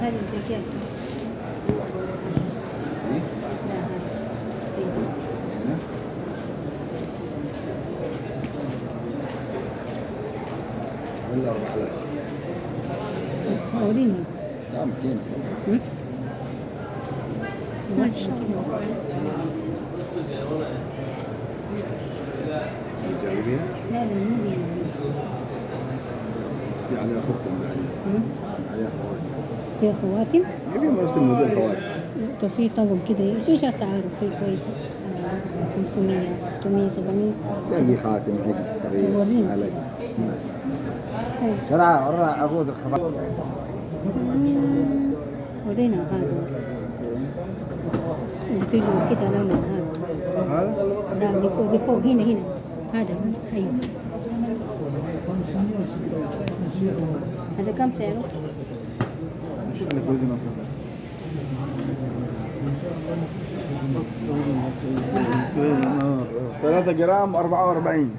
Hadi çekelim. ولا 4000 حوالين لا 200 ما شاء الله جربيها؟ لا لا مو يعني عليها خواتم فيها خواتم؟ نفس الموديل خواتم تو في طقم كده شو ايش اسعاره في كويسه؟ 500 600 700 تلاقي خاتم حق صغير وريني علي شرعة ورا عقود الخبر ودينا هذا في كده لون هذا هذا اللي فوق اللي فوق هنا هنا هذا ايوه هذا كم سعره؟ ثلاثة جرام أربعة وأربعين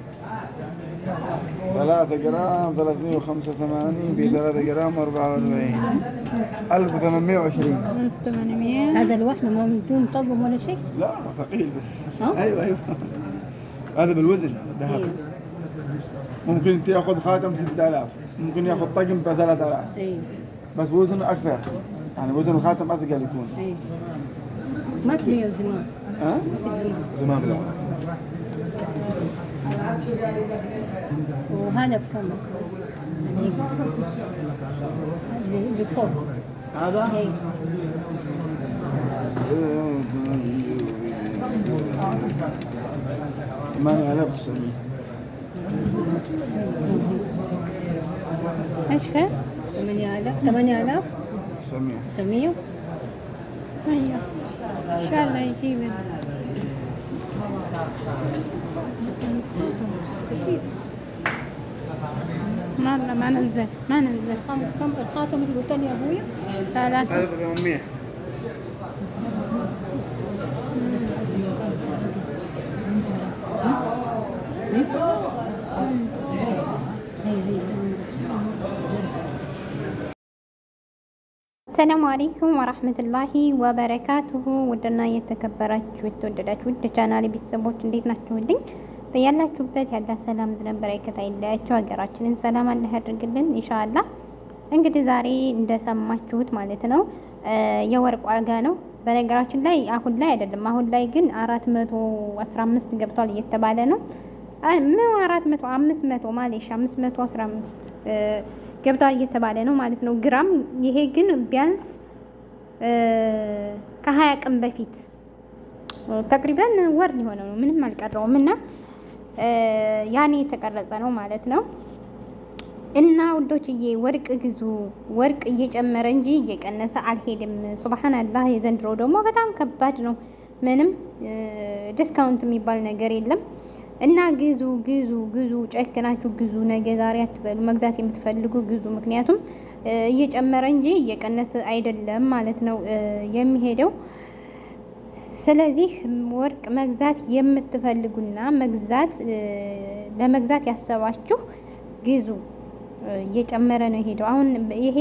ثلاثة جرام ثلاثمية وخمسة وثمانين في ثلاثة جرام أربعة وأربعين ألف وثمانمية وعشرين ألف وثمانمية هذا لوحده ما من دون طقم ولا شيء؟ لا ثقيل بس أيوه أيوه هذا بالوزن ذهب إيه. ممكن تاخذ خاتم 6000 ممكن ياخذ طقم ب 3000 ايوه بس وزن اكثر يعني وزن الخاتم اثقل يكون ايوه ما تميز زمان ها؟ زمان لا وهذا بكم؟ اللي فوق هذا؟ ثمانية آلاف ايش كان؟ 8000 8000 900 900 ايوه ان شاء الله يجيبها مرة ما ننزل ما ننزل الخاتم اللي قلت لي يا ابويا 3800 አሰላሙ አለይኩም ወራህመቱላሂ ወበረካቱሁ። ውድና የተከበራችሁ የተወደዳችሁ ውድ ቻናል ቤተሰቦች እንዴት ናችሁልኝ? በያላችሁበት ያለ ሰላም ዝነበር አይከታይላችሁ። ሀገራችንን ሰላም አላህ ያድርግልን ኢንሻአላ። እንግዲህ ዛሬ እንደሰማችሁት ማለት ነው የወርቅ ዋጋ ነው። በነገራችን ላይ አሁን ላይ አይደለም፣ አሁን ላይ ግን 415 ገብቷል እየተባለ ነው። ምን 400 500 ማሌሽ 515 ገብቷል እየተባለ ነው ማለት ነው ግራም። ይሄ ግን ቢያንስ ከሀያ ቀን በፊት ተቅሪበን ወር ሊሆነው ነው ምንም አልቀረውም እና ያኔ የተቀረጸ ነው ማለት ነው። እና ውዶችዬ ወርቅ ግዙ። ወርቅ እየጨመረ እንጂ እየቀነሰ አልሄድም። ሱብሃንአላህ የዘንድሮ ደግሞ በጣም ከባድ ነው። ምንም ዲስካውንት የሚባል ነገር የለም። እና ግዙ ግዙ ግዙ፣ ጨክናችሁ ግዙ። ነገ ዛሬ አትበሉ። መግዛት የምትፈልጉ ግዙ። ምክንያቱም እየጨመረ እንጂ እየቀነሰ አይደለም ማለት ነው የሚሄደው። ስለዚህ ወርቅ መግዛት የምትፈልጉና መግዛት ለመግዛት ያሰባችሁ ግዙ። እየጨመረ ነው የሄደው። አሁን ይሄ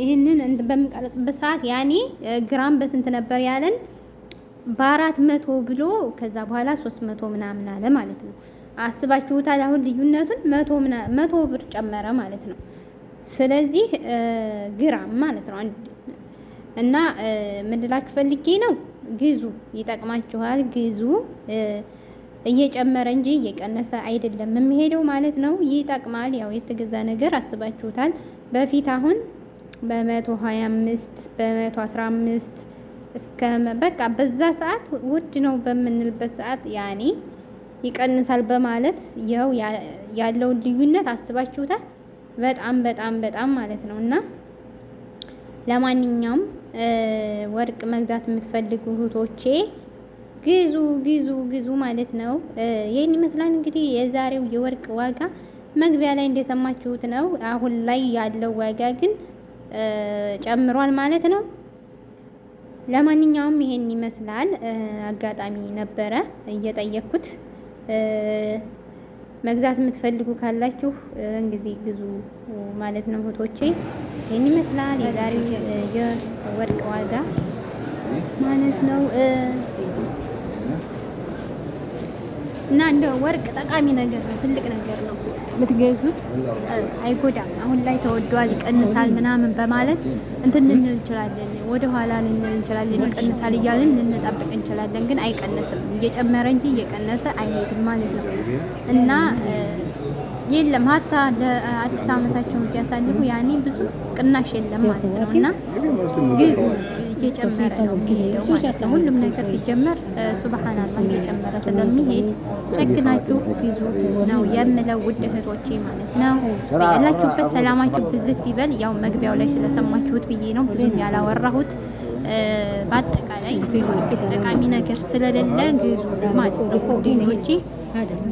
ይህንን በምቀረጽበት ሰዓት ያኔ ግራም በስንት ነበር ያለን? በአራት መቶ ብሎ ከዛ በኋላ ሶስት መቶ ምናምን አለ ማለት ነው። አስባችሁታል? አሁን ልዩነቱን መቶ ብር ጨመረ ማለት ነው። ስለዚህ ግራም ማለት ነው እና ምንድላችሁ ፈልጌ ነው ግዙ፣ ይጠቅማችኋል፣ ግዙ። እየጨመረ እንጂ እየቀነሰ አይደለም የሚሄደው ማለት ነው። ይጠቅማል። ያው የተገዛ ነገር አስባችሁታል። በፊት አሁን በመቶ ሀያ አምስት በመቶ አስራ አምስት እስከ በቃ በዛ ሰዓት ውድ ነው በምንልበት ሰዓት ያኔ ይቀንሳል በማለት ይኸው ያለውን ልዩነት አስባችሁታል። በጣም በጣም በጣም ማለት ነው። እና ለማንኛውም ወርቅ መግዛት የምትፈልጉ እህቶቼ ግዙ ግዙ ግዙ ማለት ነው። ይህን ይመስላል እንግዲህ የዛሬው የወርቅ ዋጋ መግቢያ ላይ እንደሰማችሁት ነው። አሁን ላይ ያለው ዋጋ ግን ጨምሯል ማለት ነው። ለማንኛውም ይሄን ይመስላል። አጋጣሚ ነበረ እየጠየኩት። መግዛት የምትፈልጉ ካላችሁ እንግዲህ ግዙ ማለት ነው ፎቶቼ ይህን ይመስላል የዛሬ የወርቅ ዋጋ ማለት ነው። እና እንደ ወርቅ ጠቃሚ ነገር ነው፣ ትልቅ ነገር ነው። ብትገዙት አይጎዳም። አሁን ላይ ተወዷል፣ ይቀንሳል ምናምን በማለት እንትን ልንል እንችላለን፣ ወደኋላ ልንል እንችላለን፣ ይቀንሳል እያልን ልንጠብቅ እንችላለን። ግን አይቀነስም እየጨመረ እንጂ እየቀነሰ አይሄድም ማለት ነው እና የለም ሀታ ለአዲስ አመታቸውን ሲያሳልፉ ያኔ ብዙ ቅናሽ የለም ማለት ነው እና ግዙ እየጨመረ ነው የሚሄደው ማለት ነው። ሁሉም ነገር ሲጀመር ሱብሃናላህ እየጨመረ ስለሚሄድ ጨግናችሁ ይዙ ነው የምለው ውድ እህቶቼ ማለት ነው። ያላችሁበት ሰላማችሁ ብዝት ይበል። ያው መግቢያው ላይ ስለሰማችሁት ብዬ ነው ብዙም ያላወራሁት። በአጠቃላይ ጠቃሚ ነገር ስለሌለ ግዙ ማለት ነው። ውጪ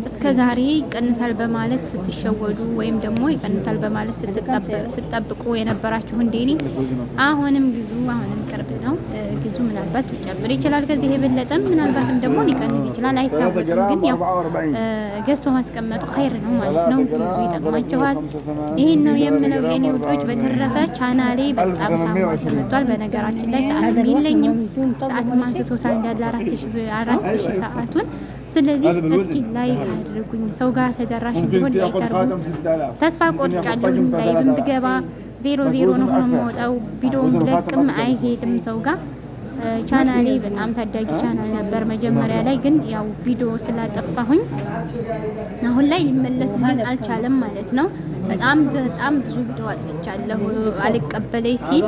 እስከ ዛሬ ይቀንሳል በማለት ስትሸወዱ ወይም ደግሞ ይቀንሳል በማለት ስትጠብቁ የነበራችሁ እንደኔ አሁንም ግዙ፣ አሁንም ቅርብ ነው ግዙ። ምናልባት ሊጨምር ይችላል ከዚህ የበለጠም ምናልባትም ደግሞ ሊቀንስ ይችላል አይታወቅም። ግን ያው ገዝቶ ማስቀመጡ ኸይር ነው ማለት ነው። ግዙ፣ ይጠቅማችኋል። ይህን ነው የምለው የኔ ውዶች። በተረፈ ቻናሌ በጣም ታማ ተመቷል። በነገራችን ላይ ሰዓት የለኝም። ሰዓትም አንስቶታል እንዳለ አራት ሺህ ሰዓቱን። ስለዚህ እስኪ ላይክ አድርጉኝ፣ ሰው ጋር ተደራሽ እንዲሆን ላይክ አድርጉኝ። ተስፋ ቆርጫለሁ ላይብም ብገባ ዜሮ ዜሮ ነው ሆኖ የምወጣው። ቪዲዮም ብለቅም አይሄድም ሰው ጋር ቻናሌ በጣም ታዳጊ ቻናል ነበር መጀመሪያ ላይ ግን ያው ቪዲዮ ስላጠፋሁኝ አሁን ላይ ሊመለስልኝ አልቻለም ማለት ነው። በጣም በጣም ብዙ ቪዲዮ አጥፍቻለሁ አልቀበለኝ ሲል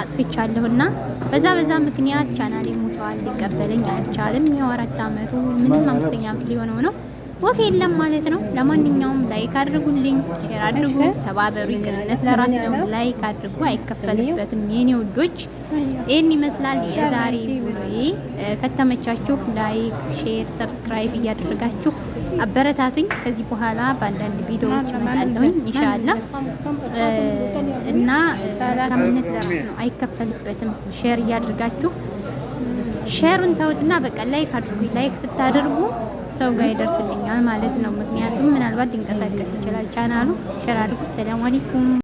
አጥፍቻለሁ እና በዛ በዛ ምክንያት ቻናሌ ሞተዋል። ሊቀበለኝ አልቻልም። ያው አመቱ ምንም አምስተኛ ክፍል የሆነው ነው ወፍ የለም ማለት ነው። ለማንኛውም ላይክ አድርጉልኝ፣ ሼር አድርጉ፣ ተባበሩ። ቅንነት ለራስ ነው። ላይክ አድርጉ፣ አይከፈልበትም። የኔ ውዶች ይህን ይመስላል የዛሬ ቪዲዮ። ከተመቻችሁ ላይክ፣ ሼር፣ ሰብስክራይብ እያደረጋችሁ አበረታቱኝ። ከዚህ በኋላ በአንዳንድ ቪዲዮዎች መጣለሁኝ ኢንሻአላ እና ከምነት ለራስ ነው፣ አይከፈልበትም። ሼር እያድርጋችሁ ሼሩን ተውትና በቃ ላይክ አድርጉ። ላይክ ስታደርጉ ሰው ጋር ይደርስልኛል ማለት ነው። ምክንያቱም ምናልባት ሊንቀሳቀስ ይችላል ቻናሉ። ሼር አድርጉ። ሰላም አለይኩም